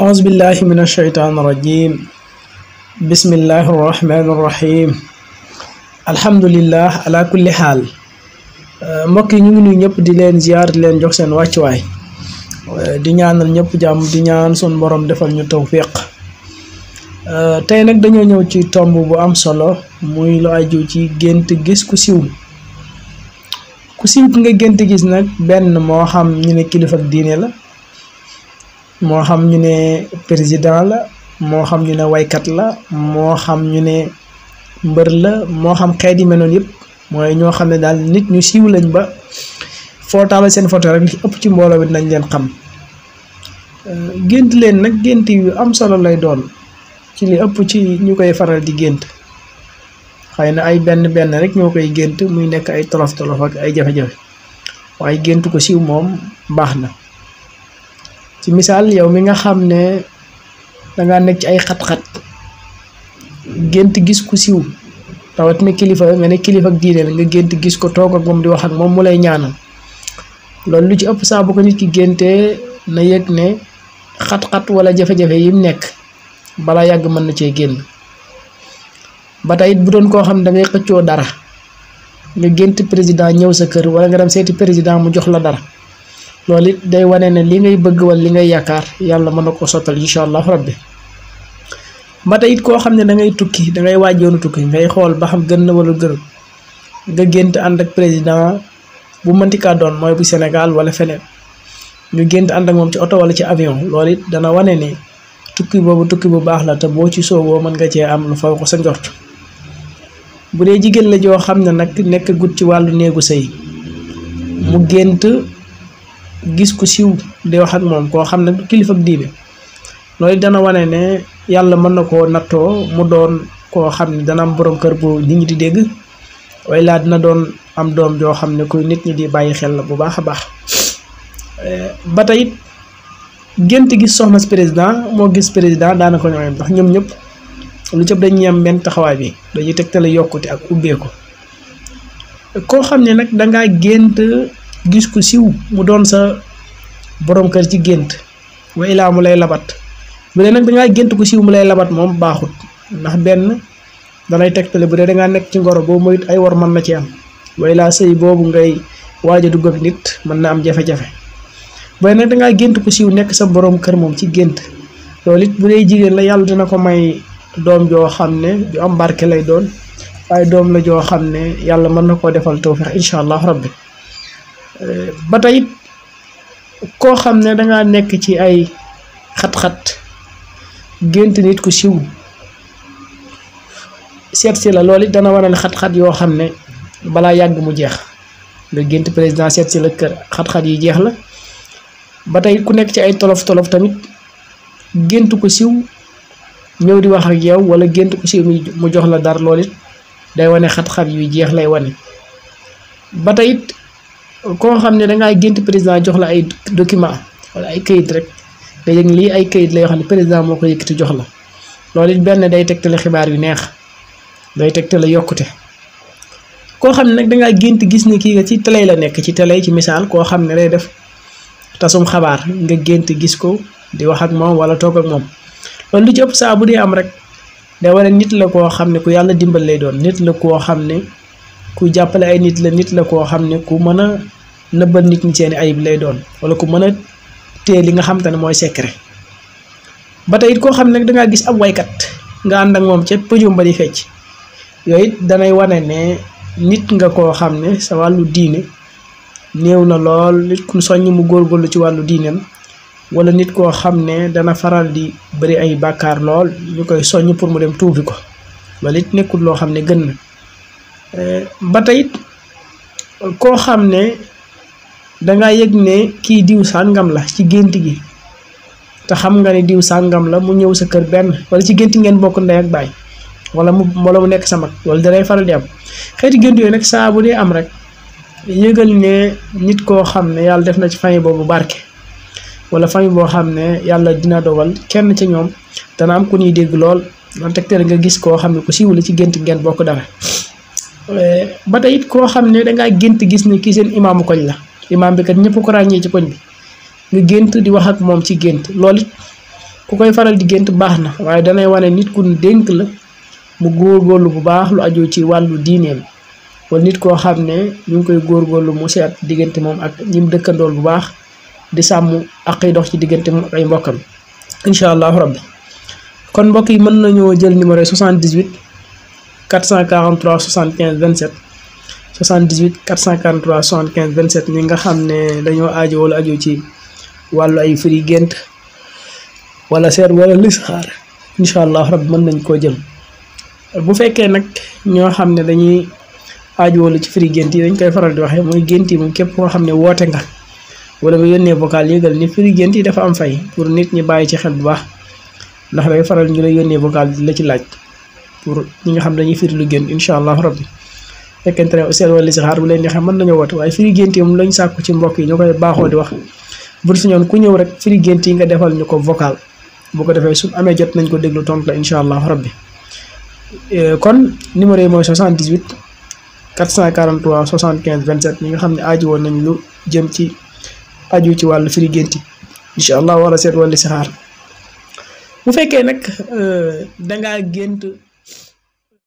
أعوذ بالله من الشيطان الرجيم بسم الله الرحمن الرحيم الحمد لله على ñu ngi nuyu ñëpp di leen ziar leen jox seen wàccuwaay di ñaanal ñëpp jàmm di ñaan sun borom defal ñu tawfiq tey nag dañoo ñëw ci tomb bu am solo muy lu aju ci gént gis ku siw ku siw ki nga gént gis nag benn moo xam ñu ne kilifa ak diine la. moo xam ñu ne président la moo xam ñu ne waykat la moo xam ñu ne mbër la moo xam xeet yi menoon yëpp mooy ñoo xam nit ñu siiw lañ ba foo taala seen photo rek ëpp ci mbooloo bi nañ leen xam euh, gént leen nag gént yu am solo lay doon ci li ëpp ci ñu koy faral di gént xëy na ay benn benn rek ñoo koy gént muy nekk ay tolof tolof ak ay jafe-jafe waaye gént ko siiw moom baax ci misal yow mi nga xam ne danga nekk ci ay xat-xat gént gis ku siw rawat ne kilifa nga ne kilifa ak diine nga gént gis ko toog ak moom di wax ak moom mu lay ñaanal loolu lu ci ëpp saa bu ko nit ki géntee na yëg ne xat-xat wala jafe-jafe yim nekk bala yàgg mën na cee génn ba tey bu doon koo xam da ngay xëccoo dara nga gént président ñëw sa kër wala nga dem seeti président mu jox la dara loolu it day wane ne li ngay bëgg wala li ngay yaakaar yàlla mën na ko sottal incha allahu rabbi ba tey it koo xam ne da ngay tukki da ngay waaj yoonu tukki ngay xool ba xam gën na wala gënul nga gént ànd ak président bu mënti mooy bu Sénégal wala feneen ñu gént ànd ak moom ci oto wala ci avion lool it dana wane ne tukki boobu tukki bu baax la te boo ci soowoo mën nga cee am lu faw ko sa njort bu dee jigéen la joo xam ne nag nekk gut ci wàllu néegu sëy mu gént gis ku siiw di wax ak moom koo xam ne kilifa ak diine loolu dana wane ne yàlla mën na koo nattoo mu doon koo xam ne dana am boroom kër bu nit ñi di dégg way laa dina doon am doom joo xam ne kuy nit ñi di bàyyi xel la bu baax a baax eh, ba tey it gént gis soxna si président moo gis président daanaka ñooy ndax ñoom ñëpp lu cëb dañuy am benn taxawaay bi dañuy teg tegtale yokkute ak ubbeeku koo xam ne nag dangaa gént gis ko siw mu doon sa borom kër ci gént wa ila mu lay labat bu dee nag dangaa gént ko siw mu lay labat moom baaxut ndax benn dalay tegtale bu dee dangaa nekk ci ngoro boo moyit ay war man na ci am wa ila sëy boobu ngay waaja dugg ak nit mën na am jafe-jafe bu dee nag dangaa gént ko siw nekk sa borom kër moom ci gént loolu it bu dee jigéen la yàlla dina ko may doom joo xam ne ju am barke lay doon waaye doom la joo xam ne yàlla mën na koo defal tawfiq incha rabbi Euh, ba tey koo xam ne dangaa nekk ci ay xat-xat gént nit ku siw seet si la lool it dana waral xat-xat yoo xam ne balaa yàgg mu jeex nga gént président seet si la kër xat-xat yi jeex la ba tey ku nekk ci ay tolof-tolof tamit gént ko siw ñëw di wax ak yow wala gént ko siw mu jox la dara loolu it day wane xat-xat yu jeex lay wane ba koo xam ne dangaa gént président jox la ay document wala ay kayit rek nga yëg lii ay kayit la yoo xam ne président moo ko yëkkati jox la loolu it benn day teg tegtale xibaar yu neex day tegtale yokkute koo xam ne nag dangaa gént gis ne kii nga ci télé la nekk ci tele ci misaal koo xam ne day def tasum xabaar nga gént gis ko di wax ak moom wala toog ak moom loolu lu ci ëpp saa dee am rek day wane nit la koo xam ne ku yàlla dimbal lay doon nit la koo xam ne kuy jàppale ay nit la nit la koo xam ne ku mën a nëbbal nit ñi seeni ayib lay doon wala ku mën a téye li nga xam ne mooy secret ba tey koo xam ne danga gis ab waykat nga ànd ak moom ca pëjum ba di fecc yooyu danay wane ne nit nga koo xam ne sa wàllu diine néew na lool nit ku soññ mu góorgóorlu ci wàllu diineem wala nit koo xam ne dana faral di bëri ay bàkkaar lool ñu koy soññ pour mu dem tuubi ko loolu it nekkul loo xam ne gën na Eh, ba tey koo xam ne danga yëg ne kii diw sàngam la ci gént gi te xam nga ne diw sàngam la mu ñëw sa kër benn wala ci gént ngeen bokk ndey ak baay wala mu wala mu nekk sa mag loolu dalay faral di xeeti gént yooyu nag saa bu am rek yëgal ne nit koo xam ne yàlla def na ci famille boobu barke wala famille boo xam ne yàlla dina dogal kenn ci ñoom dana am ku ñuy dégg lool wante teel nga gis koo xam ne ku siiw la ci gént ngeen bokk dara Eh, ba te it koo xam ne dangaa gént gis ne kii seen imaamu koñ la imaam bi kat ñëpp ko ràññee ci koñ bi nga gént di wax ak moom ci gént lool it ku koy faral di gént baax na waaye danay wane nit ku dénk la mu góor góorgóorlu bu baax lu ajoo ci wàllu diineem wala nit koo xam ne ñu ngi koy góor góorgóorlu mu seet diggante moom ak ñim dëkkandool bu baax di sàmm ak ay dox ci diggante moom ay mbokkam incha allahu rabbi kon mbokk yi mën nañoo jël numéro 78. 443 75 27 78 443 75 27 ñi nga xam ne dañoo ajo wala ajo ci wàllu ay firi gént wala seet wala listixaar incha allah rabbi mën nañ koo jëm bu fekkee nag ñoo xam ne dañuy aajo wala ci firi gént yi dañ koy faral di waxee mooy gént yi moom képp koo xam ne woote nga wala nga yónnee vocal yëgal ni firi gént yi dafa am fay pour nit ñi bàyyi ci xel bu baax ndax faral ñu la yónnee vocal di la ci laaj pour ñi nga xam dañuy firi lu gént incha ne seen yi moom lañ sàkku ci mbokk yi ñu koy baaxoo su amee jot nañ ko déglu tontu la incha allah euh, kon numéro yi mooy 78 443 75 27 ñi nga xam ne aaju woon nañ lu jëm ci aju ci wàll firi gént yi incha allah wala seet wala listixaar bu fekkee nag euh, dangaa gént